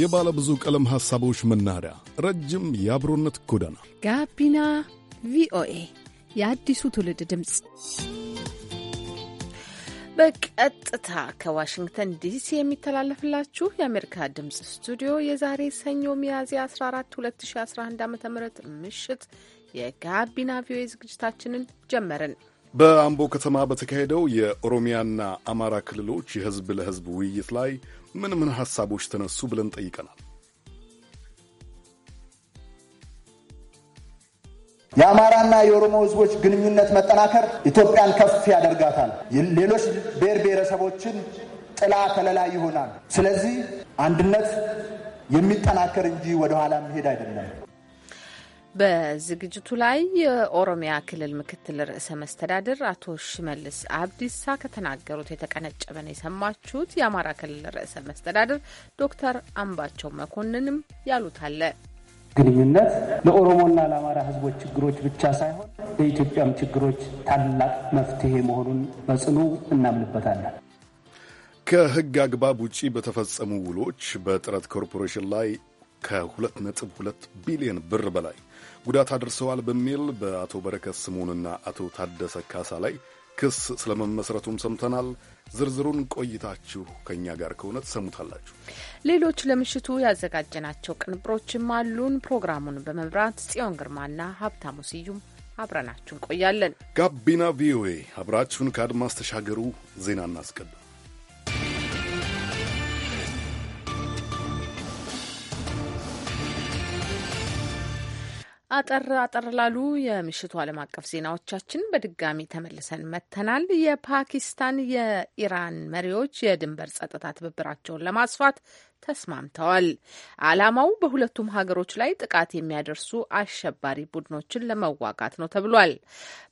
የባለ ብዙ ቀለም ሐሳቦች መናኸሪያ፣ ረጅም የአብሮነት ጎዳና፣ ጋቢና ቪኦኤ የአዲሱ ትውልድ ድምፅ በቀጥታ ከዋሽንግተን ዲሲ የሚተላለፍላችሁ የአሜሪካ ድምፅ ስቱዲዮ የዛሬ ሰኞ ሚያዝያ 14 2011 ዓ ም ምሽት የጋቢና ቪኦኤ ዝግጅታችንን ጀመርን። በአምቦ ከተማ በተካሄደው የኦሮሚያና አማራ ክልሎች የህዝብ ለህዝብ ውይይት ላይ ምን ምን ሀሳቦች ተነሱ ብለን ጠይቀናል። የአማራና የኦሮሞ ህዝቦች ግንኙነት መጠናከር ኢትዮጵያን ከፍ ያደርጋታል፣ ሌሎች ብሔር ብሔረሰቦችን ጥላ ከለላ ይሆናል። ስለዚህ አንድነት የሚጠናከር እንጂ ወደኋላ መሄድ አይደለም። በዝግጅቱ ላይ የኦሮሚያ ክልል ምክትል ርዕሰ መስተዳድር አቶ ሽመልስ አብዲሳ ከተናገሩት የተቀነጨበን የሰማችሁት። የአማራ ክልል ርዕሰ መስተዳድር ዶክተር አምባቸው መኮንንም ያሉት አለ። ግንኙነት ለኦሮሞና ለአማራ ሕዝቦች ችግሮች ብቻ ሳይሆን ለኢትዮጵያም ችግሮች ታላቅ መፍትሄ መሆኑን በጽኑ እናምንበታለን። ከህግ አግባብ ውጪ በተፈጸሙ ውሎች በጥረት ኮርፖሬሽን ላይ ከ2.2 ቢሊዮን ብር በላይ ጉዳት አድርሰዋል በሚል በአቶ በረከት ስሙንና አቶ ታደሰ ካሳ ላይ ክስ ስለመመስረቱም ሰምተናል። ዝርዝሩን ቆይታችሁ ከእኛ ጋር ከሆነ ትሰሙታላችሁ። ሌሎች ለምሽቱ ያዘጋጀናቸው ቅንብሮችም አሉን። ፕሮግራሙን በመብራት ጽዮን ግርማና ሀብታሙ ስዩም አብረናችሁ እንቆያለን። ጋቢና ቪኦኤ አብራችሁን ከአድማስ ተሻገሩ። ዜና እናስቀድም። አጠር አጠር ላሉ የምሽቱ ዓለም አቀፍ ዜናዎቻችን በድጋሚ ተመልሰን መጥተናል። የፓኪስታን የኢራን መሪዎች የድንበር ጸጥታ ትብብራቸውን ለማስፋት ተስማምተዋል። ዓላማው በሁለቱም ሀገሮች ላይ ጥቃት የሚያደርሱ አሸባሪ ቡድኖችን ለመዋጋት ነው ተብሏል።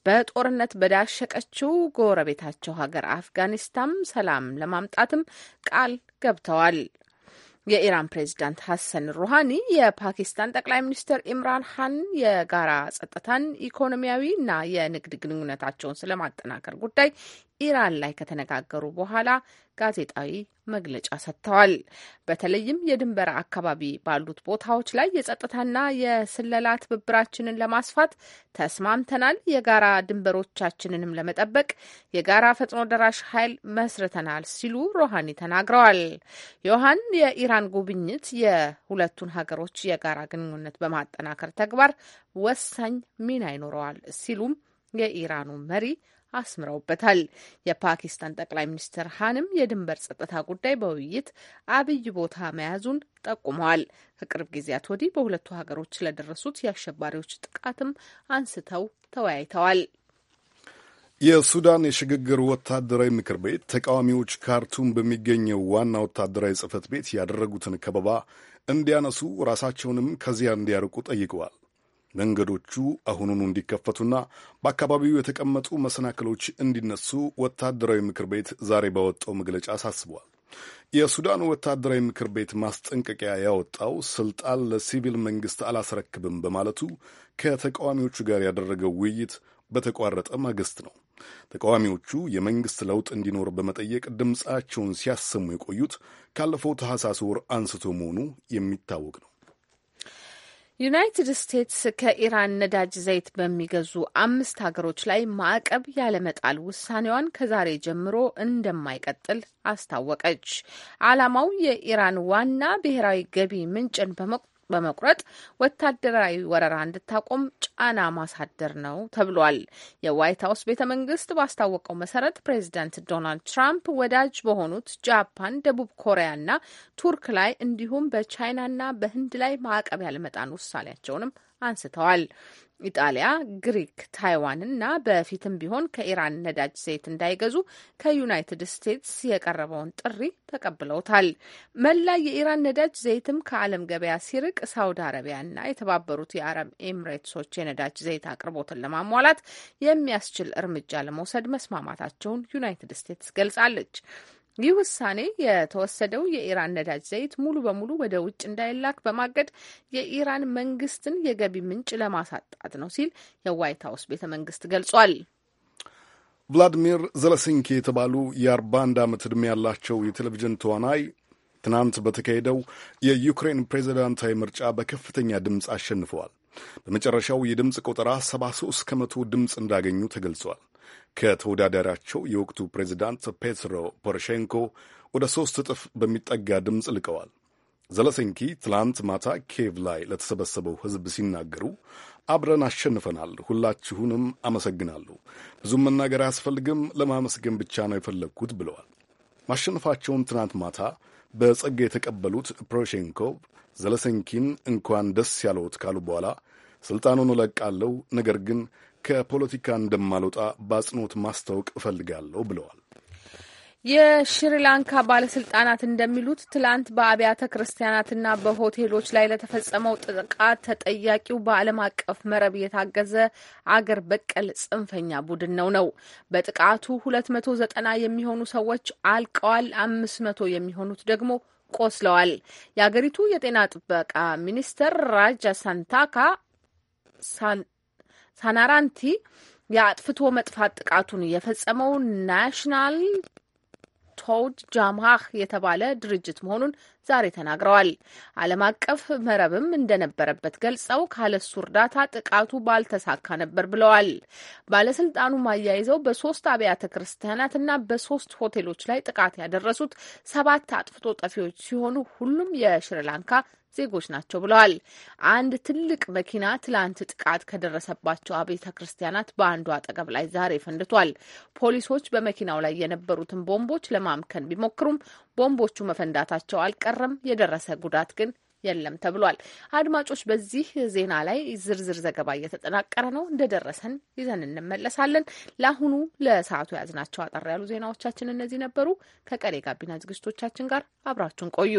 በጦርነት በዳሸቀችው ጎረቤታቸው ሀገር አፍጋኒስታን ሰላም ለማምጣትም ቃል ገብተዋል። የኢራን ፕሬዚዳንት ሀሰን ሩሃኒ የፓኪስታን ጠቅላይ ሚኒስትር ኢምራን ሀን የጋራ ጸጥታን፣ ኢኮኖሚያዊና የንግድ ግንኙነታቸውን ስለማጠናከር ጉዳይ ኢራን ላይ ከተነጋገሩ በኋላ ጋዜጣዊ መግለጫ ሰጥተዋል። በተለይም የድንበር አካባቢ ባሉት ቦታዎች ላይ የጸጥታና የስለላ ትብብራችንን ለማስፋት ተስማምተናል። የጋራ ድንበሮቻችንንም ለመጠበቅ የጋራ ፈጥኖ ደራሽ ኃይል መስርተናል ሲሉ ሮሃኒ ተናግረዋል። ዮሐን የኢራን ጉብኝት የሁለቱን ሀገሮች የጋራ ግንኙነት በማጠናከር ተግባር ወሳኝ ሚና ይኖረዋል ሲሉም የኢራኑ መሪ አስምረውበታል። የፓኪስታን ጠቅላይ ሚኒስትር ሀንም የድንበር ጸጥታ ጉዳይ በውይይት አብይ ቦታ መያዙን ጠቁመዋል። ከቅርብ ጊዜያት ወዲህ በሁለቱ ሀገሮች ስለደረሱት የአሸባሪዎች ጥቃትም አንስተው ተወያይተዋል። የሱዳን የሽግግር ወታደራዊ ምክር ቤት ተቃዋሚዎች ካርቱም በሚገኘው ዋና ወታደራዊ ጽህፈት ቤት ያደረጉትን ከበባ እንዲያነሱ ራሳቸውንም ከዚያ እንዲያርቁ ጠይቀዋል። መንገዶቹ አሁኑኑ እንዲከፈቱና በአካባቢው የተቀመጡ መሰናክሎች እንዲነሱ ወታደራዊ ምክር ቤት ዛሬ ባወጣው መግለጫ አሳስቧል። የሱዳኑ ወታደራዊ ምክር ቤት ማስጠንቀቂያ ያወጣው ስልጣን ለሲቪል መንግስት አላስረክብም በማለቱ ከተቃዋሚዎቹ ጋር ያደረገው ውይይት በተቋረጠ ማግስት ነው። ተቃዋሚዎቹ የመንግስት ለውጥ እንዲኖር በመጠየቅ ድምፃቸውን ሲያሰሙ የቆዩት ካለፈው ታህሳስ ወር አንስቶ መሆኑ የሚታወቅ ነው። ዩናይትድ ስቴትስ ከኢራን ነዳጅ ዘይት በሚገዙ አምስት ሀገሮች ላይ ማዕቀብ ያለመጣል ውሳኔዋን ከዛሬ ጀምሮ እንደማይቀጥል አስታወቀች። ዓላማው የኢራን ዋና ብሔራዊ ገቢ ምንጭን በመቁ በመቁረጥ ወታደራዊ ወረራ እንድታቆም ጫና ማሳደር ነው ተብሏል። የዋይት ሀውስ ቤተ መንግስት ባስታወቀው መሰረት ፕሬዚዳንት ዶናልድ ትራምፕ ወዳጅ በሆኑት ጃፓን፣ ደቡብ ኮሪያ እና ቱርክ ላይ እንዲሁም በቻይናና በህንድ ላይ ማዕቀብ ያለመጣን ውሳኔያቸውንም አንስተዋል። ኢጣሊያ፣ ግሪክ፣ ታይዋን እና በፊትም ቢሆን ከኢራን ነዳጅ ዘይት እንዳይገዙ ከዩናይትድ ስቴትስ የቀረበውን ጥሪ ተቀብለውታል። መላ የኢራን ነዳጅ ዘይትም ከዓለም ገበያ ሲርቅ ሳውዲ አረቢያና የተባበሩት የአረብ ኤምሬትሶች የነዳጅ ዘይት አቅርቦትን ለማሟላት የሚያስችል እርምጃ ለመውሰድ መስማማታቸውን ዩናይትድ ስቴትስ ገልጻለች። ይህ ውሳኔ የተወሰደው የኢራን ነዳጅ ዘይት ሙሉ በሙሉ ወደ ውጭ እንዳይላክ በማገድ የኢራን መንግስትን የገቢ ምንጭ ለማሳጣት ነው ሲል የዋይት ሀውስ ቤተ መንግስት ገልጿል። ቭላዲሚር ዘለሲንኪ የተባሉ የአርባ አንድ ዓመት ዕድሜ ያላቸው የቴሌቪዥን ተዋናይ ትናንት በተካሄደው የዩክሬን ፕሬዚዳንታዊ ምርጫ በከፍተኛ ድምፅ አሸንፈዋል። በመጨረሻው የድምፅ ቆጠራ 73 ከመቶ ድምፅ እንዳገኙ ተገልጿል። ከተወዳዳሪያቸው የወቅቱ ፕሬዚዳንት ፔትሮ ፖሮሼንኮ ወደ ሦስት እጥፍ በሚጠጋ ድምፅ ልቀዋል። ዘለሰንኪ ትላንት ማታ ኬቭ ላይ ለተሰበሰበው ሕዝብ ሲናገሩ አብረን አሸንፈናል፣ ሁላችሁንም አመሰግናለሁ፣ ብዙም መናገር አያስፈልግም፣ ለማመስገን ብቻ ነው የፈለግኩት ብለዋል። ማሸነፋቸውን ትናንት ማታ በጸጋ የተቀበሉት ፕሮሼንኮቭ ዘለሰንኪን እንኳን ደስ ያለዎት ካሉ በኋላ ሥልጣኑን እለቃለሁ፣ ነገር ግን ከፖለቲካ እንደማልወጣ በአጽንኦት ማስታወቅ እፈልጋለሁ ብለዋል። የሽሪላንካ ባለስልጣናት እንደሚሉት ትላንት በአብያተ ክርስቲያናትና በሆቴሎች ላይ ለተፈጸመው ጥቃት ተጠያቂው በዓለም አቀፍ መረብ የታገዘ አገር በቀል ጽንፈኛ ቡድን ነው ነው በጥቃቱ ሁለት መቶ ዘጠና የሚሆኑ ሰዎች አልቀዋል። አምስት መቶ የሚሆኑት ደግሞ ቆስለዋል። የአገሪቱ የጤና ጥበቃ ሚኒስተር ራጃ ሳንታካ ሳናራንቲ የአጥፍቶ መጥፋት ጥቃቱን የፈጸመው ናሽናል ቶድ ጃምሃህ የተባለ ድርጅት መሆኑን ዛሬ ተናግረዋል። ዓለም አቀፍ መረብም እንደነበረበት ገልጸው ካለሱ እርዳታ ጥቃቱ ባልተሳካ ነበር ብለዋል። ባለስልጣኑ አያይዘው በሶስት አብያተ ክርስቲያናት እና በሶስት ሆቴሎች ላይ ጥቃት ያደረሱት ሰባት አጥፍቶ ጠፊዎች ሲሆኑ ሁሉም የሽሪላንካ ዜጎች ናቸው ብለዋል። አንድ ትልቅ መኪና ትላንት ጥቃት ከደረሰባቸው አብያተ ክርስቲያናት በአንዱ አጠገብ ላይ ዛሬ ፈንድቷል። ፖሊሶች በመኪናው ላይ የነበሩትን ቦምቦች ለማምከን ቢሞክሩም ቦምቦቹ መፈንዳታቸው አልቀረ ቢያስቀርም የደረሰ ጉዳት ግን የለም ተብሏል። አድማጮች፣ በዚህ ዜና ላይ ዝርዝር ዘገባ እየተጠናቀረ ነው። እንደደረሰን ይዘን እንመለሳለን። ለአሁኑ ለሰዓቱ ያዝናቸው አጠር ያሉ ዜናዎቻችን እነዚህ ነበሩ። ከቀሬ ጋቢና ዝግጅቶቻችን ጋር አብራችሁን ቆዩ።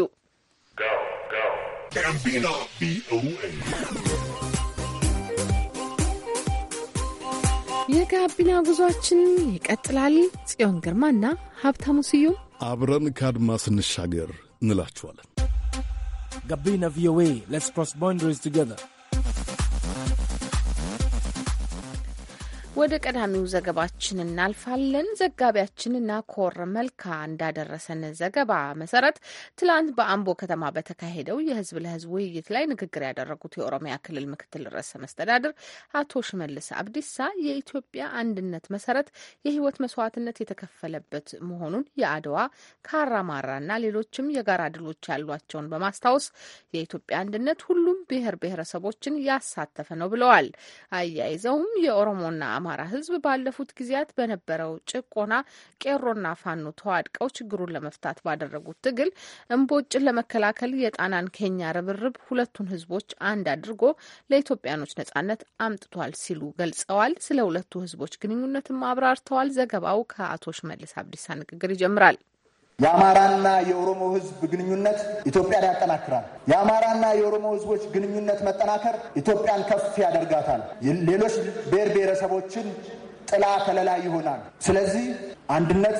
የጋቢና ጉዟችን ይቀጥላል። ጽዮን ግርማና ሀብታሙ ስዩም አብረን ከአድማ ስንሻገር እንላችኋለን። ጋቢና ቪኦኤ ሌትስ ክሮስ ባውንደሪስ ቱጌዘር ወደ ቀዳሚው ዘገባችን እናልፋለን። ዘጋቢያችንና ኮር መልካ እንዳደረሰን ዘገባ መሰረት ትላንት በአምቦ ከተማ በተካሄደው የህዝብ ለህዝብ ውይይት ላይ ንግግር ያደረጉት የኦሮሚያ ክልል ምክትል ርዕሰ መስተዳድር አቶ ሽመልስ አብዲሳ የኢትዮጵያ አንድነት መሰረት የህይወት መስዋዕትነት የተከፈለበት መሆኑን የአድዋ ካራማራና ሌሎችም የጋራ ድሎች ያሏቸውን በማስታወስ የኢትዮጵያ አንድነት ሁሉም ብሔር ብሔረሰቦችን ያሳተፈ ነው ብለዋል። አያይዘውም የኦሮሞና የአማራ ህዝብ ባለፉት ጊዜያት በነበረው ጭቆና ቄሮና ፋኖ ተዋድቀው ችግሩን ለመፍታት ባደረጉት ትግል እምቦጭን ለመከላከል የጣናን ኬኛ ርብርብ ሁለቱን ህዝቦች አንድ አድርጎ ለኢትዮጵያኖች ነጻነት አምጥቷል ሲሉ ገልጸዋል። ስለ ሁለቱ ህዝቦች ግንኙነትም አብራርተዋል። ዘገባው ከአቶ ሽመልስ አብዲሳ ንግግር ይጀምራል። የአማራና የኦሮሞ ህዝብ ግንኙነት ኢትዮጵያን ያጠናክራል። የአማራና የኦሮሞ ህዝቦች ግንኙነት መጠናከር ኢትዮጵያን ከፍ ያደርጋታል። ሌሎች ብሔር ብሔረሰቦችን ጥላ ከለላ ይሆናል። ስለዚህ አንድነት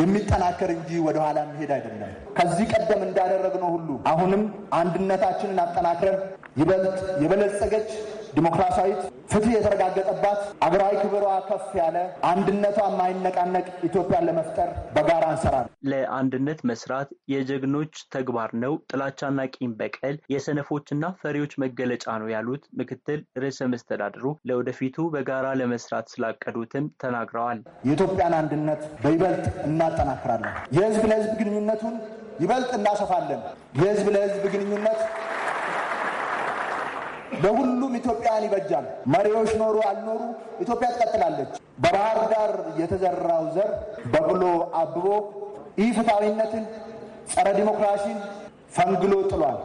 የሚጠናከር እንጂ ወደኋላ መሄድ አይደለም። ከዚህ ቀደም እንዳደረግነው ሁሉ አሁንም አንድነታችንን አጠናክረን ይበልጥ የበለጸገች ዲሞክራሲያዊት፣ ፍትህ የተረጋገጠባት፣ አገራዊ ክብሯ ከፍ ያለ፣ አንድነቷ የማይነቃነቅ ኢትዮጵያን ለመፍጠር በጋራ እንሰራለን። ለአንድነት መስራት የጀግኖች ተግባር ነው፣ ጥላቻና ቂም በቀል የሰነፎችና ፈሪዎች መገለጫ ነው ያሉት ምክትል ርዕሰ መስተዳድሩ ለወደፊቱ በጋራ ለመስራት ስላቀዱትም ተናግረዋል። የኢትዮጵያን አንድነት በይበልጥ እናጠናክራለን። የህዝብ ለህዝብ ግንኙነቱን ይበልጥ እናሰፋለን። የህዝብ ለህዝብ ግንኙነት ለሁሉም ኢትዮጵያን ይበጃል። መሪዎች ኖሩ አልኖሩ ኢትዮጵያ ትቀጥላለች። በባህር ዳር የተዘራው ዘር በብሎ አብቦ ኢፍትሐዊነትን፣ ጸረ ዲሞክራሲን ፈንግሎ ጥሏል።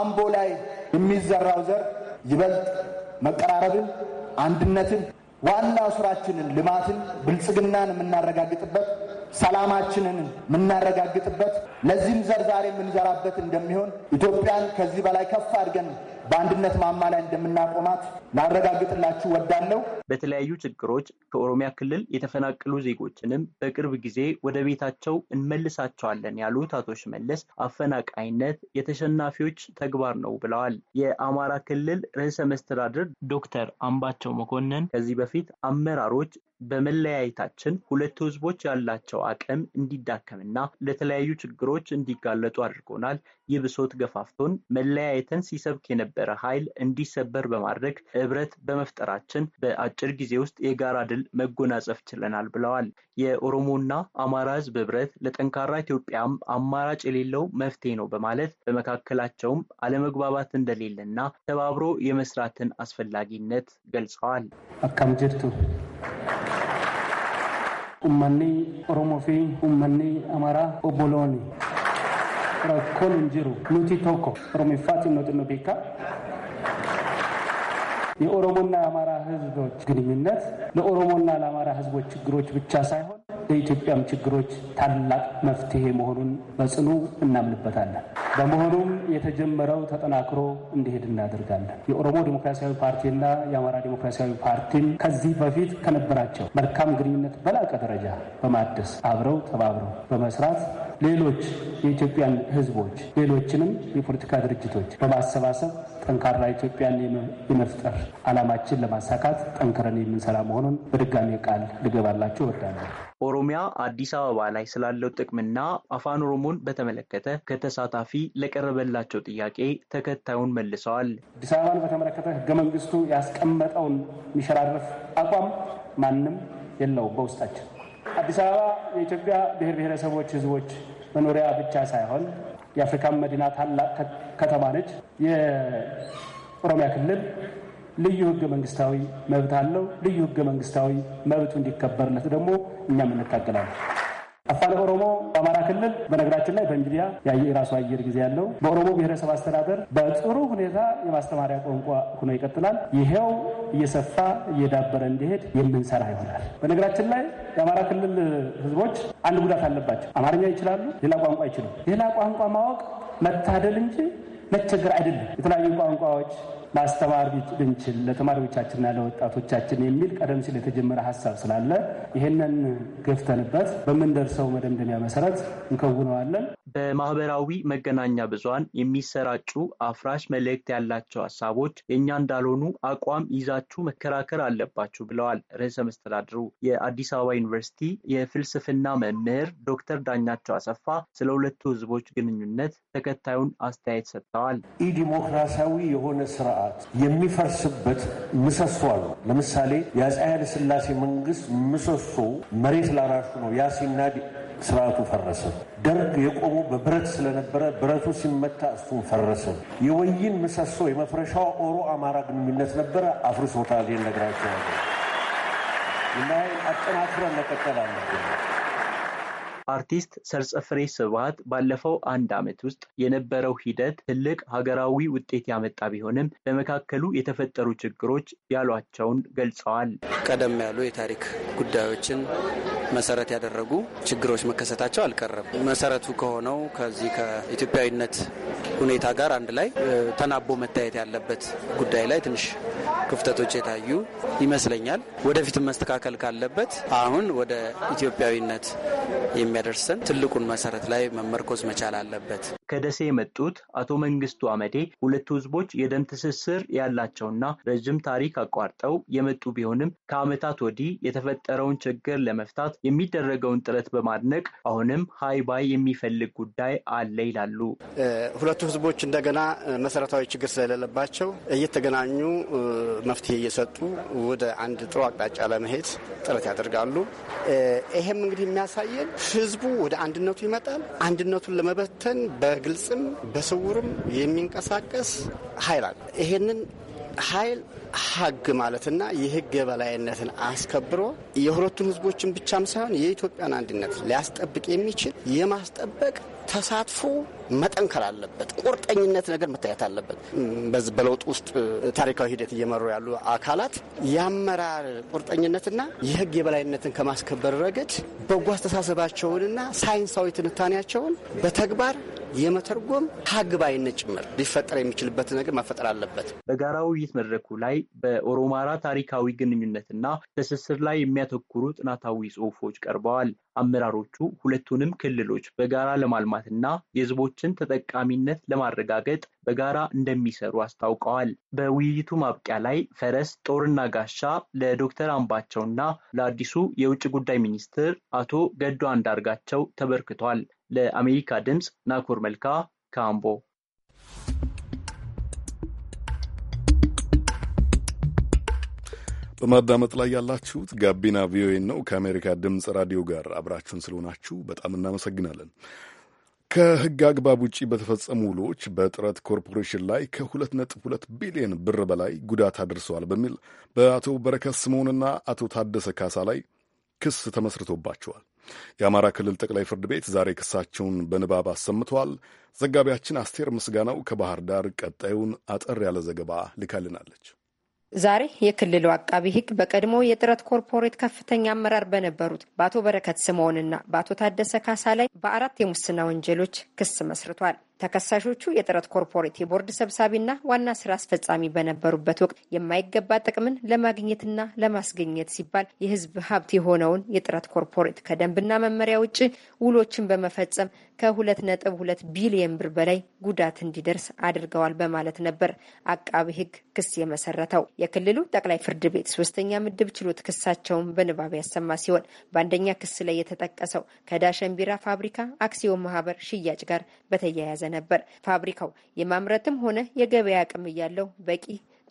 አምቦ ላይ የሚዘራው ዘር ይበልጥ መቀራረብን፣ አንድነትን፣ ዋና ስራችንን፣ ልማትን፣ ብልጽግናን የምናረጋግጥበት ሰላማችንን የምናረጋግጥበት ለዚህም ዘር ዛሬ የምንዘራበት እንደሚሆን ኢትዮጵያን ከዚህ በላይ ከፍ አድርገን በአንድነት ማማ ላይ እንደምናቆማት ላረጋግጥላችሁ ወዳለው። በተለያዩ ችግሮች ከኦሮሚያ ክልል የተፈናቀሉ ዜጎችንም በቅርብ ጊዜ ወደ ቤታቸው እንመልሳቸዋለን ያሉት አቶ ሽመለስ አፈናቃይነት የተሸናፊዎች ተግባር ነው ብለዋል። የአማራ ክልል ርዕሰ መስተዳድር ዶክተር አምባቸው መኮንን ከዚህ በፊት አመራሮች በመለያየታችን ሁለቱ ህዝቦች ያላቸው አቅም እንዲዳከምና ለተለያዩ ችግሮች እንዲጋለጡ አድርጎናል። ይህ ብሶት ገፋፍቶን መለያየትን ሲሰብክ የነበረ ኃይል እንዲሰበር በማድረግ ህብረት በመፍጠራችን በአጭር ጊዜ ውስጥ የጋራ ድል መጎናጸፍ ችለናል ብለዋል። የኦሮሞና አማራ ህዝብ ህብረት ለጠንካራ ኢትዮጵያም አማራጭ የሌለው መፍትሄ ነው በማለት በመካከላቸውም አለመግባባት እንደሌለና ተባብሮ የመስራትን አስፈላጊነት ገልጸዋል። አካም ummanni Oromoo fi ummanni amara obbolooni. Rakkoon hin jiru nuti tokko Oromeeffaatiin nuti nu beeka. የኦሮሞና የአማራ ህዝቦች ግንኙነት ለኦሮሞና ለአማራ ህዝቦች ችግሮች ብቻ ሳይሆን ለኢትዮጵያም ችግሮች ታላቅ መፍትሄ መሆኑን በጽኑ እናምንበታለን። በመሆኑም የተጀመረው ተጠናክሮ እንዲሄድ እናደርጋለን። የኦሮሞ ዴሞክራሲያዊ ፓርቲና የአማራ ዴሞክራሲያዊ ፓርቲም ከዚህ በፊት ከነበራቸው መልካም ግንኙነት በላቀ ደረጃ በማደስ አብረው ተባብረው በመስራት ሌሎች የኢትዮጵያን ህዝቦች ሌሎችንም የፖለቲካ ድርጅቶች በማሰባሰብ ጠንካራ ኢትዮጵያን የመፍጠር አላማችን ለማሳካት ጠንክረን የምንሰራ መሆኑን በድጋሚ ቃል ልገባላችሁ እወዳለሁ። ኦሮሚያ አዲስ አበባ ላይ ስላለው ጥቅምና አፋን ኦሮሞን በተመለከተ ከተሳታፊ ለቀረበላቸው ጥያቄ ተከታዩን መልሰዋል። አዲስ አበባን በተመለከተ ህገ መንግስቱ ያስቀመጠውን የሚሸራረፍ አቋም ማንም የለውም በውስጣችን አዲስ አበባ የኢትዮጵያ ብሔር ብሔረሰቦች ህዝቦች መኖሪያ ብቻ ሳይሆን የአፍሪካን መዲና ታላቅ ከተማ ነች። የኦሮሚያ ክልል ልዩ ህገ መንግስታዊ መብት አለው። ልዩ ህገ መንግስታዊ መብቱ እንዲከበርለት ደግሞ እኛም እንታገላለን። አፋን ኦሮሞ በአማራ ክልል በነገራችን ላይ በእንግዲያ ያየ የራሱ አየር ጊዜ ያለው በኦሮሞ ብሔረሰብ አስተዳደር በጥሩ ሁኔታ የማስተማሪያ ቋንቋ ሆኖ ይቀጥላል። ይሄው እየሰፋ እየዳበረ እንዲሄድ የምንሰራ ይሆናል። በነገራችን ላይ የአማራ ክልል ህዝቦች አንድ ጉዳት አለባቸው። አማርኛ ይችላሉ፣ ሌላ ቋንቋ አይችሉም። ሌላ ቋንቋ ማወቅ መታደል እንጂ መቸገር አይደለም። የተለያዩ ቋንቋዎች ማስተማር ብንችል ለተማሪዎቻችንና ለወጣቶቻችን የሚል ቀደም ሲል የተጀመረ ሀሳብ ስላለ ይህንን ገፍተንበት በምንደርሰው መደምደሚያ መሰረት እንከውነዋለን። በማህበራዊ መገናኛ ብዙሃን የሚሰራጩ አፍራሽ መልእክት ያላቸው ሀሳቦች የእኛ እንዳልሆኑ አቋም ይዛችሁ መከራከር አለባችሁ ብለዋል ርዕሰ መስተዳድሩ። የአዲስ አበባ ዩኒቨርሲቲ የፍልስፍና መምህር ዶክተር ዳኛቸው አሰፋ ስለ ሁለቱ ህዝቦች ግንኙነት ተከታዩን አስተያየት ሰጥተዋል። ኢዲሞክራሲያዊ የሆነ ስራ ስርዓት የሚፈርስበት ምሰሶ አሉ። ለምሳሌ የአፄ ኃይለ ሥላሴ መንግስት ምሰሶ መሬት ላራሹ ነው። ያ ሲናድ ስርዓቱ ፈረሰ። ደርግ የቆሙ በብረት ስለነበረ ብረቱ ሲመታ እሱም ፈረሰ። የወይን ምሰሶ የመፍረሻው ኦሮ አማራ ግንኙነት ነበረ። አፍርሶታል። ይህን ነግራቸዋለሁ እና አጠናክረን መቀጠል አለብን። አርቲስት ሰርጸፍሬ ስብሐት ባለፈው አንድ ዓመት ውስጥ የነበረው ሂደት ትልቅ ሀገራዊ ውጤት ያመጣ ቢሆንም በመካከሉ የተፈጠሩ ችግሮች ያሏቸውን ገልጸዋል። ቀደም ያሉ የታሪክ ጉዳዮችን መሰረት ያደረጉ ችግሮች መከሰታቸው አልቀረም። መሰረቱ ከሆነው ከዚህ ከኢትዮጵያዊነት ሁኔታ ጋር አንድ ላይ ተናቦ መታየት ያለበት ጉዳይ ላይ ትንሽ ክፍተቶች የታዩ ይመስለኛል። ወደፊትም መስተካከል ካለበት አሁን ወደ ኢትዮጵያዊነት የሚያደርሰን ትልቁን መሰረት ላይ መመርኮዝ መቻል አለበት። ከደሴ የመጡት አቶ መንግስቱ አመዴ ሁለቱ ህዝቦች የደም ትስስር ያላቸውና ረዥም ታሪክ አቋርጠው የመጡ ቢሆንም ከአመታት ወዲህ የተፈጠረውን ችግር ለመፍታት የሚደረገውን ጥረት በማድነቅ አሁንም ሀይ ባይ የሚፈልግ ጉዳይ አለ ይላሉ። ሁለቱ ህዝቦች እንደገና መሰረታዊ ችግር ስለሌለባቸው እየተገናኙ መፍትሄ እየሰጡ ወደ አንድ ጥሩ አቅጣጫ ለመሄድ ጥረት ያደርጋሉ። ይሄም እንግዲህ የሚያሳየን ህዝቡ ወደ አንድነቱ ይመጣል። አንድነቱን ለመበተን በግልጽም በስውርም የሚንቀሳቀስ ኃይል አለ። ይሄንን ኃይል ሀግ ማለትና የህግ የበላይነትን አስከብሮ የሁለቱን ህዝቦችን ብቻም ሳይሆን የኢትዮጵያን አንድነት ሊያስጠብቅ የሚችል የማስጠበቅ ተሳትፎ መጠንከር አለበት። ቁርጠኝነት ነገር መታየት አለበት። በዚህ በለውጥ ውስጥ ታሪካዊ ሂደት እየመሩ ያሉ አካላት የአመራር ቁርጠኝነትና የህግ የበላይነትን ከማስከበር ረገድ በጎ አስተሳሰባቸውንና ሳይንሳዊ ትንታኔያቸውን በተግባር የመተርጎም ሀግባይነት ጭምር ሊፈጠር የሚችልበት ነገር መፈጠር አለበት። በጋራ ውይይት መድረኩ ላይ በኦሮማራ ታሪካዊ ግንኙነትና ትስስር ላይ የሚያተኩሩ ጥናታዊ ጽሁፎች ቀርበዋል። አመራሮቹ ሁለቱንም ክልሎች በጋራ ለማልማትና የህዝቦችን ተጠቃሚነት ለማረጋገጥ በጋራ እንደሚሰሩ አስታውቀዋል። በውይይቱ ማብቂያ ላይ ፈረስ ጦርና ጋሻ ለዶክተር አምባቸውና ለአዲሱ የውጭ ጉዳይ ሚኒስትር አቶ ገዱ አንዳርጋቸው ተበርክቷል። ለአሜሪካ ድምፅ ናኮር መልካ ካምቦ በማዳመጥ ላይ ያላችሁት ጋቢና ቪኦኤ ነው። ከአሜሪካ ድምፅ ራዲዮ ጋር አብራችሁን ስለሆናችሁ በጣም እናመሰግናለን። ከህግ አግባብ ውጪ በተፈጸሙ ውሎች በጥረት ኮርፖሬሽን ላይ ከ2.2 ቢሊዮን ብር በላይ ጉዳት አድርሰዋል በሚል በአቶ በረከት ስምዖንና አቶ ታደሰ ካሳ ላይ ክስ ተመስርቶባቸዋል። የአማራ ክልል ጠቅላይ ፍርድ ቤት ዛሬ ክሳቸውን በንባብ አሰምተዋል። ዘጋቢያችን አስቴር ምስጋናው ከባህር ዳር ቀጣዩን አጠር ያለ ዘገባ ልካልናለች። ዛሬ የክልሉ አቃቢ ሕግ በቀድሞ የጥረት ኮርፖሬት ከፍተኛ አመራር በነበሩት በአቶ በረከት ስምዖንና በአቶ ታደሰ ካሳ ላይ በአራት የሙስና ወንጀሎች ክስ መስርቷል። ተከሳሾቹ የጥረት ኮርፖሬት የቦርድ ሰብሳቢና ዋና ስራ አስፈጻሚ በነበሩበት ወቅት የማይገባ ጥቅምን ለማግኘትና ለማስገኘት ሲባል የህዝብ ሀብት የሆነውን የጥረት ኮርፖሬት ከደንብና መመሪያ ውጭ ውሎችን በመፈጸም ከሁለት ነጥብ ሁለት ቢሊየን ብር በላይ ጉዳት እንዲደርስ አድርገዋል በማለት ነበር አቃቢ ህግ ክስ የመሰረተው። የክልሉ ጠቅላይ ፍርድ ቤት ሶስተኛ ምድብ ችሎት ክሳቸውን በንባብ ያሰማ ሲሆን በአንደኛ ክስ ላይ የተጠቀሰው ከዳሸን ቢራ ፋብሪካ አክሲዮን ማህበር ሽያጭ ጋር በተያያዘ ነበር። ፋብሪካው የማምረትም ሆነ የገበያ አቅም እያለው በቂ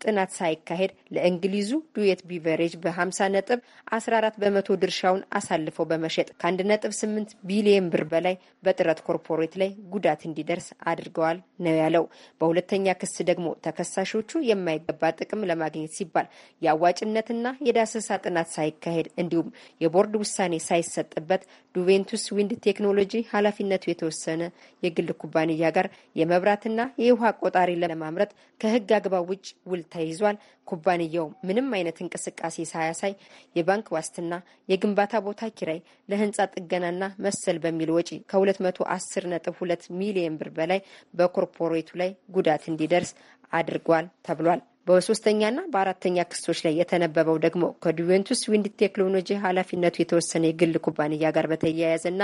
ጥናት ሳይካሄድ ለእንግሊዙ ዱዌት ቢቨሬጅ በ50 ነጥብ 14 በመቶ ድርሻውን አሳልፎ በመሸጥ ከ1.8 ቢሊየን ብር በላይ በጥረት ኮርፖሬት ላይ ጉዳት እንዲደርስ አድርገዋል ነው ያለው። በሁለተኛ ክስ ደግሞ ተከሳሾቹ የማይገባ ጥቅም ለማግኘት ሲባል የአዋጭነትና የዳሰሳ ጥናት ሳይካሄድ እንዲሁም የቦርድ ውሳኔ ሳይሰጥበት ዱቬንቱስ ዊንድ ቴክኖሎጂ ኃላፊነቱ የተወሰነ የግል ኩባንያ ጋር የመብራትና የውሃ ቆጣሪ ለማምረት ከህግ አግባብ ውጭ ውል ተይዟል። ኩባንያው ምንም አይነት እንቅስቃሴ ሳያሳይ የባንክ ዋስትና፣ የግንባታ ቦታ ኪራይ፣ ለህንፃ ጥገናና መሰል በሚል ወጪ ከ210.2 ሚሊዮን ብር በላይ በኮርፖሬቱ ላይ ጉዳት እንዲደርስ አድርጓል ተብሏል። በሶስተኛና በአራተኛ ክሶች ላይ የተነበበው ደግሞ ከዱቬንቱስ ዊንድ ቴክኖሎጂ ኃላፊነቱ የተወሰነ የግል ኩባንያ ጋር በተያያዘና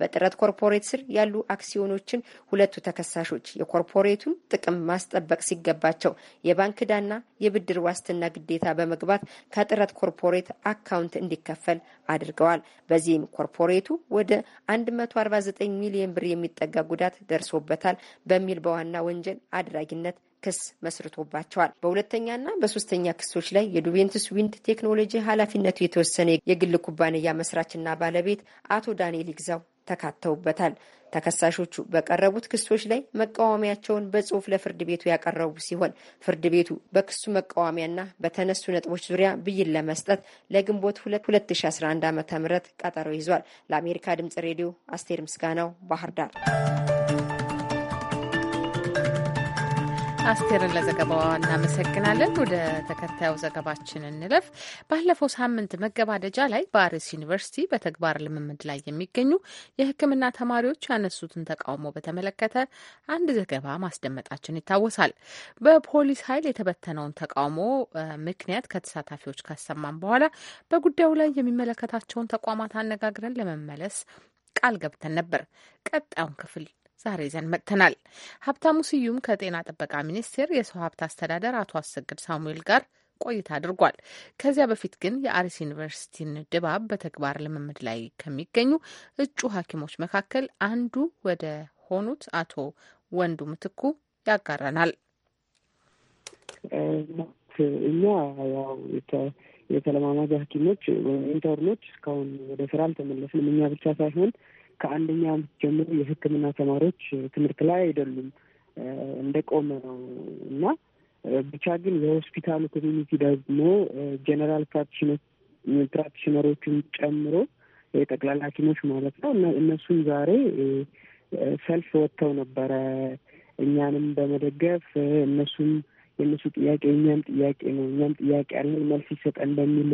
በጥረት ኮርፖሬት ስር ያሉ አክሲዮኖችን ሁለቱ ተከሳሾች የኮርፖሬቱን ጥቅም ማስጠበቅ ሲገባቸው የባንክ ዕዳና የብድር ዋስትና ግዴታ በመግባት ከጥረት ኮርፖሬት አካውንት እንዲከፈል አድርገዋል። በዚህም ኮርፖሬቱ ወደ 149 ሚሊዮን ብር የሚጠጋ ጉዳት ደርሶበታል በሚል በዋና ወንጀል አድራጊነት ክስ መስርቶባቸዋል። በሁለተኛና በሶስተኛ ክሶች ላይ የዱቬንትስ ዊንድ ቴክኖሎጂ ኃላፊነቱ የተወሰነ የግል ኩባንያ መስራችና ባለቤት አቶ ዳንኤል ይግዛው ተካተውበታል። ተከሳሾቹ በቀረቡት ክሶች ላይ መቃወሚያቸውን በጽሁፍ ለፍርድ ቤቱ ያቀረቡ ሲሆን ፍርድ ቤቱ በክሱ መቃወሚያና በተነሱ ነጥቦች ዙሪያ ብይን ለመስጠት ለግንቦት 2 2011 ዓ ም ቀጠሮ ይዟል። ለአሜሪካ ድምጽ ሬዲዮ አስቴር ምስጋናው ባህር ዳር አስቴርን ለዘገባዋ እናመሰግናለን። ወደ ተከታዩ ዘገባችን እንለፍ። ባለፈው ሳምንት መገባደጃ ላይ በአርስ ዩኒቨርሲቲ በተግባር ልምምድ ላይ የሚገኙ የሕክምና ተማሪዎች ያነሱትን ተቃውሞ በተመለከተ አንድ ዘገባ ማስደመጣችን ይታወሳል። በፖሊስ ኃይል የተበተነውን ተቃውሞ ምክንያት ከተሳታፊዎች ካሰማን በኋላ በጉዳዩ ላይ የሚመለከታቸውን ተቋማት አነጋግረን ለመመለስ ቃል ገብተን ነበር። ቀጣዩን ክፍል ዛሬ ይዘን መጥተናል። ሀብታሙ ስዩም ከጤና ጥበቃ ሚኒስቴር የሰው ሀብት አስተዳደር አቶ አሰግድ ሳሙኤል ጋር ቆይታ አድርጓል። ከዚያ በፊት ግን የአሪስ ዩኒቨርሲቲን ድባብ በተግባር ልምምድ ላይ ከሚገኙ እጩ ሐኪሞች መካከል አንዱ ወደ ሆኑት አቶ ወንዱ ምትኩ ያጋረናል። እኛ ያው የተለማማጅ ሐኪሞች ኢንተርኖች እስካሁን ወደ ስራ አልተመለስንም። እኛ ብቻ ሳይሆን ከአንደኛ ዓመት ጀምሮ የሕክምና ተማሪዎች ትምህርት ላይ አይደሉም፣ ቆመ ነው እና ብቻ ግን የሆስፒታሉ ኮሚኒቲ ደግሞ ጀነራል ፕራክቲሽነሮችን ጨምሮ የጠቅላላ ሐኪሞች ማለት ነው እነሱም ዛሬ ሰልፍ ወጥተው ነበረ እኛንም በመደገፍ እነሱም የእነሱ ጥያቄ እኛም ጥያቄ ነው እኛም ጥያቄ ያለን መልስ ይሰጠን በሚል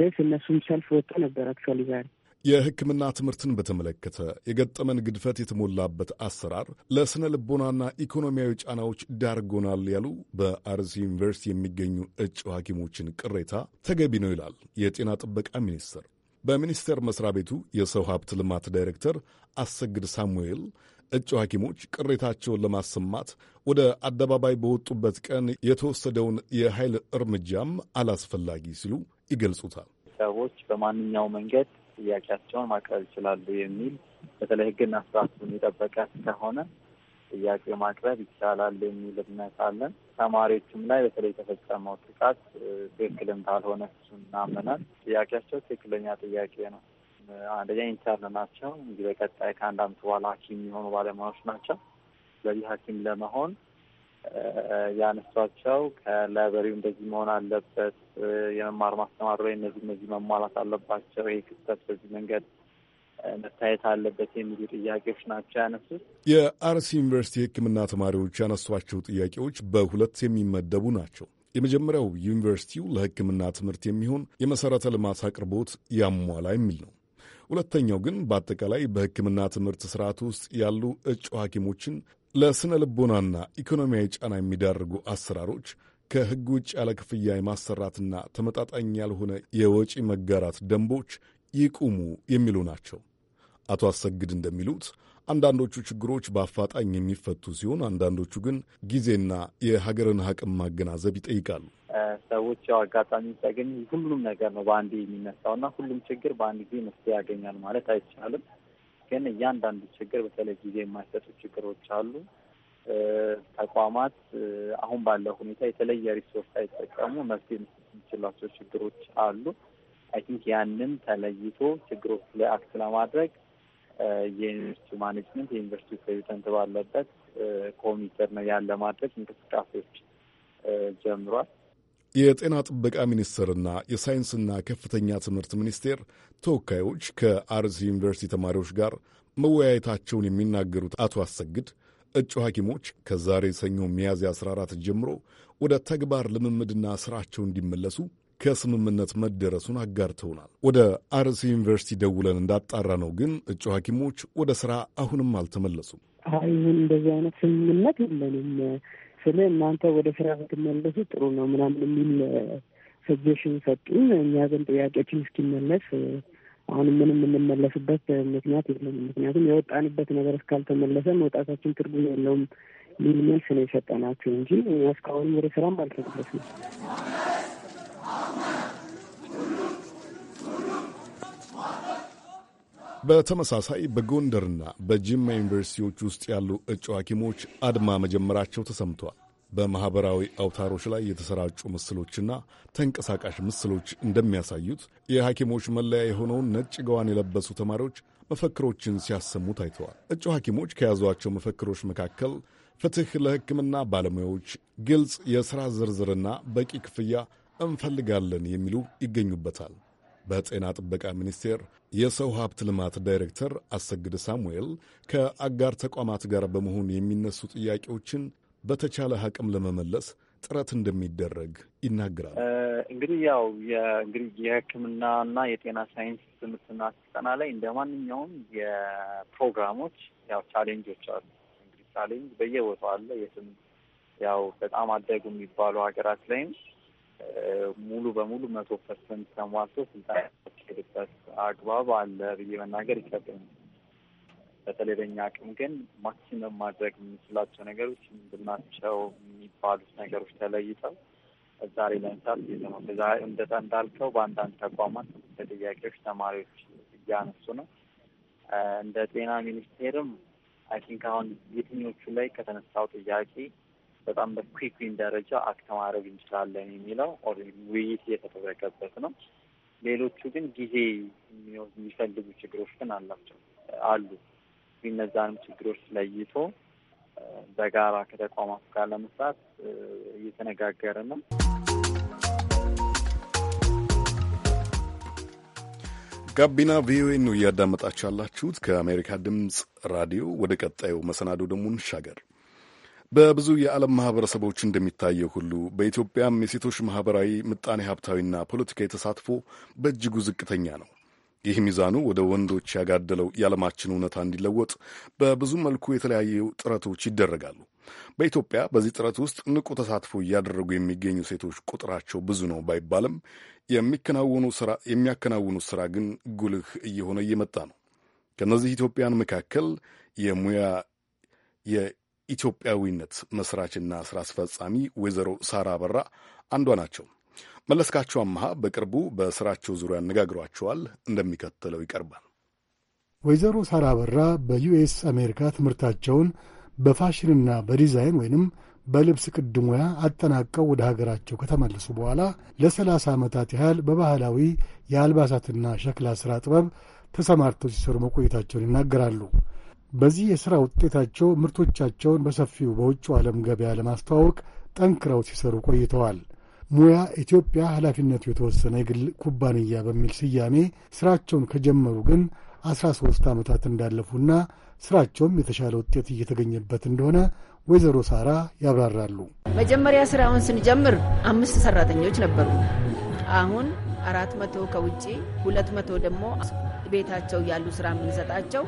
ርዕስ እነሱም ሰልፍ ወጥተው ነበር አክቹዋሊ ዛሬ የሕክምና ትምህርትን በተመለከተ የገጠመን ግድፈት የተሞላበት አሰራር ለስነ ልቦናና ኢኮኖሚያዊ ጫናዎች ዳርጎናል ያሉ በአርሲ ዩኒቨርሲቲ የሚገኙ እጩ ሐኪሞችን ቅሬታ ተገቢ ነው ይላል የጤና ጥበቃ ሚኒስቴር። በሚኒስቴር መስሪያ ቤቱ የሰው ሀብት ልማት ዳይሬክተር አሰግድ ሳሙኤል እጩ ሐኪሞች ቅሬታቸውን ለማሰማት ወደ አደባባይ በወጡበት ቀን የተወሰደውን የኃይል እርምጃም አላስፈላጊ ሲሉ ይገልጹታል። ሰዎች በማንኛው መንገድ ጥያቄያቸውን ማቅረብ ይችላሉ የሚል በተለይ ህግና ስርዓቱን የጠበቀ ከሆነ ጥያቄ ማቅረብ ይቻላል የሚል እምነት አለን። ተማሪዎችም ላይ በተለይ የተፈጸመው ጥቃት ትክክል እንዳልሆነ እሱን እናምናል። ጥያቄያቸው ትክክለኛ ጥያቄ ነው። አንደኛ ኢንተርን ናቸው። እንግዲህ በቀጣይ ከአንድ አመት በኋላ ሐኪም የሚሆኑ ባለሙያዎች ናቸው። ስለዚህ ሐኪም ለመሆን ያነሷቸው ከላይብረሪው እንደዚህ መሆን አለበት፣ የመማር ማስተማር ላይ እነዚህ እነዚህ መሟላት አለባቸው፣ ይህ ክስተት በዚህ መንገድ መታየት አለበት የሚሉ ጥያቄዎች ናቸው ያነሱት። የአርሲ ዩኒቨርሲቲ የሕክምና ተማሪዎች ያነሷቸው ጥያቄዎች በሁለት የሚመደቡ ናቸው። የመጀመሪያው ዩኒቨርሲቲው ለሕክምና ትምህርት የሚሆን የመሠረተ ልማት አቅርቦት ያሟላ የሚል ነው። ሁለተኛው ግን በአጠቃላይ በሕክምና ትምህርት ስርዓት ውስጥ ያሉ እጩ ሐኪሞችን ለስነ ልቦናና ኢኮኖሚያዊ ጫና የሚዳርጉ አሰራሮች ከሕግ ውጭ ያለ ክፍያ የማሰራትና ተመጣጣኝ ያልሆነ የወጪ መጋራት ደንቦች ይቁሙ የሚሉ ናቸው። አቶ አሰግድ እንደሚሉት አንዳንዶቹ ችግሮች በአፋጣኝ የሚፈቱ ሲሆን፣ አንዳንዶቹ ግን ጊዜና የሀገርን አቅም ማገናዘብ ይጠይቃሉ። ሰዎች ያው አጋጣሚ ሲያገኙ ሁሉም ነገር ነው በአንድ የሚነሳው እና ሁሉም ችግር በአንድ ጊዜ መፍትሄ ያገኛል ማለት አይቻልም። ግን እያንዳንዱ ችግር በተለይ ጊዜ የማይሰጡ ችግሮች አሉ። ተቋማት አሁን ባለው ሁኔታ የተለየ ሪሶርስ አይጠቀሙ መፍትሄ መስጠት የሚችሏቸው ችግሮች አሉ። አይ ቲንክ ያንን ተለይቶ ችግሮች ላይ አክት ለማድረግ የዩኒቨርሲቲ ማኔጅመንት የዩኒቨርሲቲ ፕሬዚደንት ባለበት ኮሚቴ ነው ያለ ማድረግ እንቅስቃሴዎች ጀምሯል። የጤና ጥበቃ ሚኒስቴርና የሳይንስና ከፍተኛ ትምህርት ሚኒስቴር ተወካዮች ከአርሲ ዩኒቨርሲቲ ተማሪዎች ጋር መወያየታቸውን የሚናገሩት አቶ አሰግድ እጩ ሐኪሞች ከዛሬ ሰኞ ሚያዝያ 14 ጀምሮ ወደ ተግባር ልምምድና ሥራቸው እንዲመለሱ ከስምምነት መደረሱን አጋርተውናል። ወደ አርሲ ዩኒቨርሲቲ ደውለን እንዳጣራ ነው ግን እጩ ሐኪሞች ወደ ስራ አሁንም አልተመለሱም። አሁን እንደዚህ አይነት ስምምነት የለንም ስለ እናንተ ወደ ስራ ብትመለሱ ጥሩ ነው ምናምን የሚል ሰጀሽን ሰጡን። እኛ ግን ጥያቄያችን እስኪመለስ አሁንም ምን የምንመለስበት ምክንያት የለም። ምክንያቱም የወጣንበት ነገር እስካልተመለሰ መውጣታችን ትርጉም የለውም ሚል መልስ ነው የሰጠናቸው እንጂ እስካሁን ወደ ስራም አልተመለስንም። በተመሳሳይ በጎንደርና በጅማ ዩኒቨርሲቲዎች ውስጥ ያሉ እጩ ሐኪሞች አድማ መጀመራቸው ተሰምቷል። በማኅበራዊ አውታሮች ላይ የተሰራጩ ምስሎችና ተንቀሳቃሽ ምስሎች እንደሚያሳዩት የሐኪሞች መለያ የሆነውን ነጭ ገዋን የለበሱ ተማሪዎች መፈክሮችን ሲያሰሙ ታይተዋል። እጩ ሐኪሞች ከያዟቸው መፈክሮች መካከል ፍትሕ ለሕክምና ባለሙያዎች፣ ግልጽ የሥራ ዝርዝርና በቂ ክፍያ እንፈልጋለን የሚሉ ይገኙበታል። በጤና ጥበቃ ሚኒስቴር የሰው ሀብት ልማት ዳይሬክተር አሰግድ ሳሙኤል ከአጋር ተቋማት ጋር በመሆን የሚነሱ ጥያቄዎችን በተቻለ አቅም ለመመለስ ጥረት እንደሚደረግ ይናገራል። እንግዲህ ያው እንግዲህ እና የጤና ሳይንስ ትምህርትና ስልጠና ላይ እንደ ማንኛውም የፕሮግራሞች ያው ቻሌንጆች አሉ። እንግዲህ ቻሌንጅ በየቦታው አለ። የትም ያው በጣም አደጉ የሚባሉ ሀገራት ላይም ሙሉ በሙሉ መቶ ፐርሰንት ተሟልቶ ስልጠና ሄድበት አግባብ አለ ብዬ መናገር ይከብዳል። በተለይ በኛ አቅም ግን ማክሲመም ማድረግ የምንችላቸው ነገሮች ምንድናቸው የሚባሉት ነገሮች ተለይተው ዛሬ ለምሳሌ እንዳልከው በአንዳንድ ተቋማት ተጠያቂዎች ተማሪዎች እያነሱ ነው። እንደ ጤና ሚኒስቴርም አይ ቲንክ አሁን የትኞቹ ላይ ከተነሳው ጥያቄ በጣም በኩክሊን ደረጃ አክት ማድረግ እንችላለን የሚለው ውይይት እየተደረገበት ነው። ሌሎቹ ግን ጊዜ የሚፈልጉ ችግሮች ግን አላቸው አሉ። እነዛንም ችግሮች ለይቶ በጋራ ከተቋማት ጋር ለመስራት እየተነጋገረ ነው። ጋቢና ቪኦኤ ነው እያዳመጣችሁ ያላችሁት ከአሜሪካ ድምፅ ራዲዮ። ወደ ቀጣዩ መሰናዶ ደግሞ እንሻገር። በብዙ የዓለም ማህበረሰቦች እንደሚታየው ሁሉ በኢትዮጵያም የሴቶች ማህበራዊ፣ ምጣኔ ሀብታዊና ፖለቲካዊ ተሳትፎ በእጅጉ ዝቅተኛ ነው። ይህ ሚዛኑ ወደ ወንዶች ያጋደለው የዓለማችን እውነታ እንዲለወጥ በብዙ መልኩ የተለያዩ ጥረቶች ይደረጋሉ። በኢትዮጵያ በዚህ ጥረት ውስጥ ንቁ ተሳትፎ እያደረጉ የሚገኙ ሴቶች ቁጥራቸው ብዙ ነው ባይባልም የሚያከናውኑ ስራ ግን ጉልህ እየሆነ እየመጣ ነው። ከእነዚህ ኢትዮጵያን መካከል የሙያ ኢትዮጵያዊነት መስራችና ስራ አስፈጻሚ ወይዘሮ ሳራ በራ አንዷ ናቸው። መለስካቸው አመሃ በቅርቡ በስራቸው ዙሪያ አነጋግሯቸዋል። እንደሚከተለው ይቀርባል። ወይዘሮ ሳራ በራ በዩኤስ አሜሪካ ትምህርታቸውን በፋሽንና በዲዛይን ወይንም በልብስ ቅድ ሙያ አጠናቀው ወደ ሀገራቸው ከተመለሱ በኋላ ለሰላሳ ዓመታት ያህል በባህላዊ የአልባሳትና ሸክላ ሥራ ጥበብ ተሰማርተው ሲሰሩ መቆየታቸውን ይናገራሉ። በዚህ የሥራ ውጤታቸው ምርቶቻቸውን በሰፊው በውጭው ዓለም ገበያ ለማስተዋወቅ ጠንክረው ሲሰሩ ቆይተዋል። ሙያ ኢትዮጵያ ኃላፊነቱ የተወሰነ የግል ኩባንያ በሚል ስያሜ ሥራቸውን ከጀመሩ ግን አስራ ሦስት ዓመታት እንዳለፉና ሥራቸውም የተሻለ ውጤት እየተገኘበት እንደሆነ ወይዘሮ ሳራ ያብራራሉ። መጀመሪያ ስራውን ስንጀምር አምስት ሰራተኞች ነበሩ። አሁን አራት መቶ ከውጭ ሁለት መቶ ደግሞ ቤታቸው ያሉ ስራ የምንሰጣቸው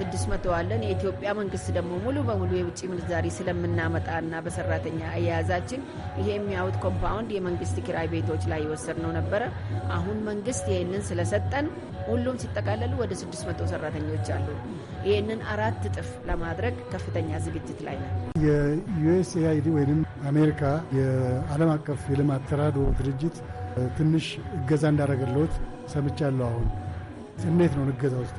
ስድስት መቶ አለን። የኢትዮጵያ መንግስት ደግሞ ሙሉ በሙሉ የውጭ ምንዛሪ ስለምናመጣና በሰራተኛ አያያዛችን ይሄ የሚያውጥ ኮምፓውንድ የመንግስት ኪራይ ቤቶች ላይ የወሰድነው ነበረ። አሁን መንግስት ይህንን ስለሰጠን ሁሉም ሲጠቃለሉ ወደ ስድስት መቶ ሰራተኞች አሉ። ይህንን አራት እጥፍ ለማድረግ ከፍተኛ ዝግጅት ላይ ነው። የዩኤስኤአይዲ ወይም አሜሪካ የዓለም አቀፍ የልማት ተራድኦ ድርጅት ትንሽ እገዛ እንዳደረገለት ሰምቻለሁ አሁን እንዴት ነው እገዛው? እስኪ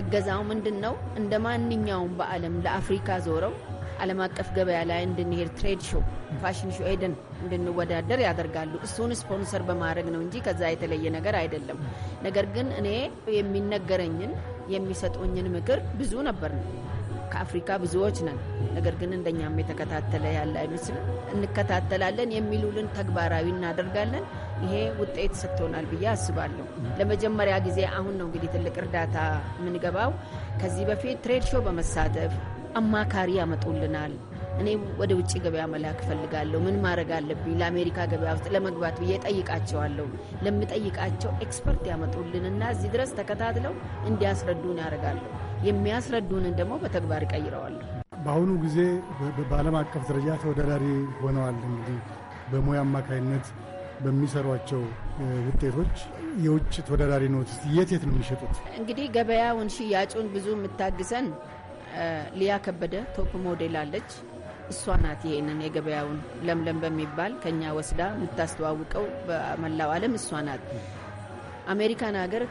እገዛው ምንድን ነው? እንደ ማንኛውም በዓለም ለአፍሪካ ዞረው ዓለም አቀፍ ገበያ ላይ እንድንሄድ ትሬድ ሾው፣ ፋሽን ሾው ሄደን እንድንወዳደር ያደርጋሉ። እሱን ስፖንሰር በማድረግ ነው እንጂ ከዛ የተለየ ነገር አይደለም። ነገር ግን እኔ የሚነገረኝን የሚሰጡኝን ምክር ብዙ ነበር ነው ከአፍሪካ ብዙዎች ነን። ነገር ግን እንደኛም የተከታተለ ያለ አይመስልም። እንከታተላለን፣ የሚሉልን ተግባራዊ እናደርጋለን። ይሄ ውጤት ሰጥቶናል ብዬ አስባለሁ። ለመጀመሪያ ጊዜ አሁን ነው እንግዲህ ትልቅ እርዳታ የምንገባው። ከዚህ በፊት ትሬድ ሾ በመሳተፍ አማካሪ ያመጡልናል። እኔ ወደ ውጭ ገበያ መላክ እፈልጋለሁ፣ ምን ማድረግ አለብኝ ለአሜሪካ ገበያ ውስጥ ለመግባት ብዬ ጠይቃቸዋለሁ። ለምጠይቃቸው ኤክስፐርት ያመጡልንና እዚህ ድረስ ተከታትለው እንዲያስረዱን ያደርጋለሁ። የሚያስረዱንን ደግሞ በተግባር ይቀይረዋል። በአሁኑ ጊዜ በዓለም አቀፍ ደረጃ ተወዳዳሪ ሆነዋል። እንግዲህ በሙያ አማካይነት በሚሰሯቸው ውጤቶች የውጭ ተወዳዳሪ ነት የት የት ነው የሚሸጡት? እንግዲህ ገበያውን ሽያጩን ብዙ የምታግዘን ሊያ ከበደ ቶፕ ሞዴል አለች። እሷ ናት ይሄንን የገበያውን ለምለም በሚባል ከኛ ወስዳ የምታስተዋውቀው በመላው ዓለም እሷ ናት። አሜሪካን ሀገር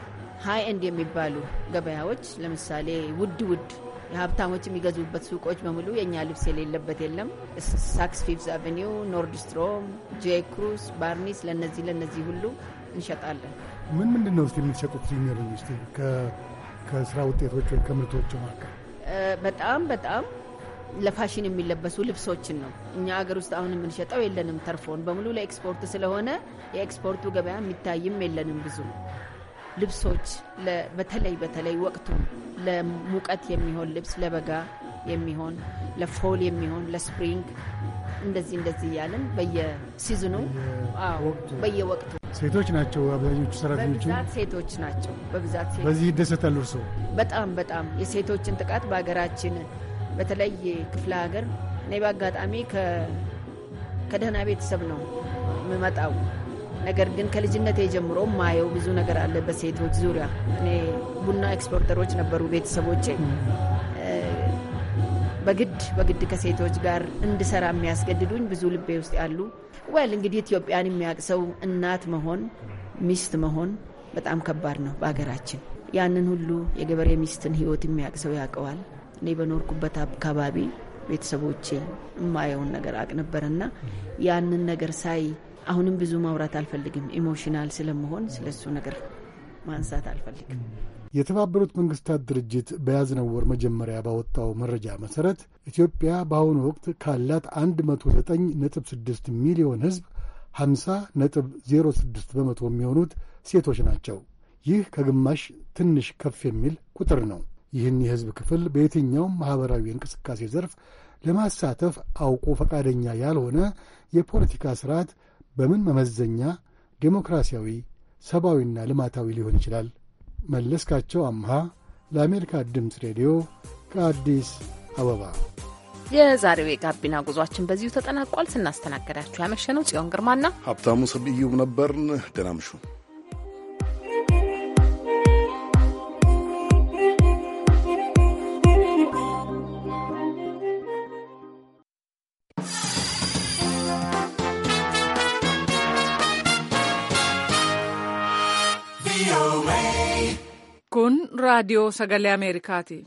ሀይ ኤንድ የሚባሉ ገበያዎች ለምሳሌ ውድ ውድ የሀብታሞች የሚገዙበት ሱቆች በሙሉ የእኛ ልብስ የሌለበት የለም። ሳክስ ፊፍዝ አቨኒው፣ ኖርድስትሮም፣ ጄ ክሩስ፣ ባርኒስ ለነዚህ ለነዚህ ሁሉ እንሸጣለን። ምን ምንድን ነው የምትሸጡት? ሲኒር ኢንዱስትሪ ከስራ ውጤቶች ወይ ከምርቶች መካከል በጣም በጣም ለፋሽን የሚለበሱ ልብሶችን ነው። እኛ ሀገር ውስጥ አሁን የምንሸጠው የለንም። ተርፎን በሙሉ ለኤክስፖርት ስለሆነ የኤክስፖርቱ ገበያ የሚታይም የለንም ብዙ ልብሶች በተለይ በተለይ ወቅቱ ለሙቀት የሚሆን ልብስ፣ ለበጋ የሚሆን ለፎል የሚሆን ለስፕሪንግ እንደዚህ እንደዚህ እያለን በየሲዝኑ በየወቅቱ ሴቶች ናቸው አብዛኞቹ ሰራተኞቹ ሴቶች ናቸው በብዛት በዚህ ይደሰታሉ። እርስ በጣም በጣም የሴቶችን ጥቃት በሀገራችን በተለይ ክፍለ ሀገር እኔ በአጋጣሚ ከደህና ቤተሰብ ነው የምመጣው ነገር ግን ከልጅነት ጀምሮ ማየው ብዙ ነገር አለ በሴቶች ዙሪያ። እኔ ቡና ኤክስፖርተሮች ነበሩ ቤተሰቦቼ። በግድ በግድ ከሴቶች ጋር እንድሰራ የሚያስገድዱኝ ብዙ ልቤ ውስጥ ያሉ ወል እንግዲህ ኢትዮጵያን የሚያቅሰው እናት መሆን ሚስት መሆን በጣም ከባድ ነው በሀገራችን። ያንን ሁሉ የገበሬ ሚስትን ህይወት የሚያቅሰው ያውቀዋል። እኔ በኖርኩበት አካባቢ ቤተሰቦቼ የማየውን ነገር አቅ ነበርና ያንን ነገር ሳይ አሁንም ብዙ ማውራት አልፈልግም። ኢሞሽናል ስለመሆን ስለሱ ነገር ማንሳት አልፈልግም። የተባበሩት መንግስታት ድርጅት በያዝነው ወር መጀመሪያ ባወጣው መረጃ መሠረት ኢትዮጵያ በአሁኑ ወቅት ካላት 109.6 ሚሊዮን ሕዝብ 50.06 በመቶ የሚሆኑት ሴቶች ናቸው። ይህ ከግማሽ ትንሽ ከፍ የሚል ቁጥር ነው። ይህን የሕዝብ ክፍል በየትኛውም ማኅበራዊ እንቅስቃሴ ዘርፍ ለማሳተፍ አውቆ ፈቃደኛ ያልሆነ የፖለቲካ ሥርዓት በምን መመዘኛ ዴሞክራሲያዊ፣ ሰብአዊና ልማታዊ ሊሆን ይችላል? መለስካቸው አምሃ ለአሜሪካ ድምፅ ሬዲዮ ከአዲስ አበባ። የዛሬው የጋቢና ጉዟችን በዚሁ ተጠናቋል። ስናስተናገዳችሁ ያመሸነው ጽዮን ግርማና ሀብታሙ ስዩም ነበርን። ደህና raadiyoo sagalee americati